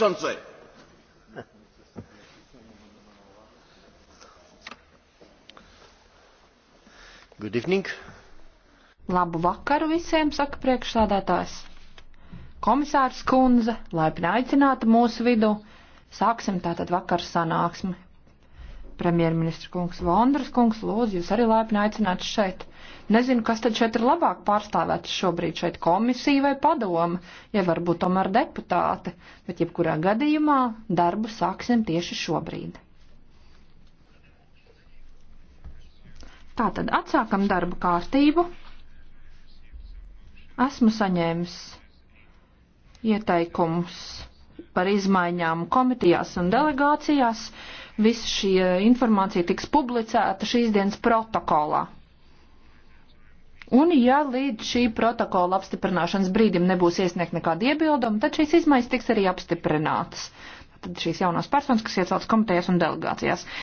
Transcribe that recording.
przewodniczący! Good evening. Labu vakaru visiem, saka priekšsādātājs. Komisārs Kunze, laipni aicināta mūsu vidu. Sāksim tātad vakar sanāksmi. Premjerministra kungs Vondras kungs, lūdzu, jūs arī laipni aicināts šeit. Nezinu, kas tad šeit ir labāk pārstāvēts šobrīd šeit komisija vai padoma, ja varbūt tomēr deputāte, bet jebkurā gadījumā darbu sāksim tieši šobrīd. Tātad atsākam darbu kārtību. Esmu saņēmis ieteikumus par izmaiņām komitejās un delegācijās. Visa šī eh, informācija tiks publicēta šīs dienas protokolā. Un ja līdz šī protokola apstiprināšanas brīdim nebūs iesniegt nekāda iebilduma, tad šīs izmaiņas tiks arī apstiprinātas. Tad šīs jaunās personas, kas ieceltas komitejās un delegācijās.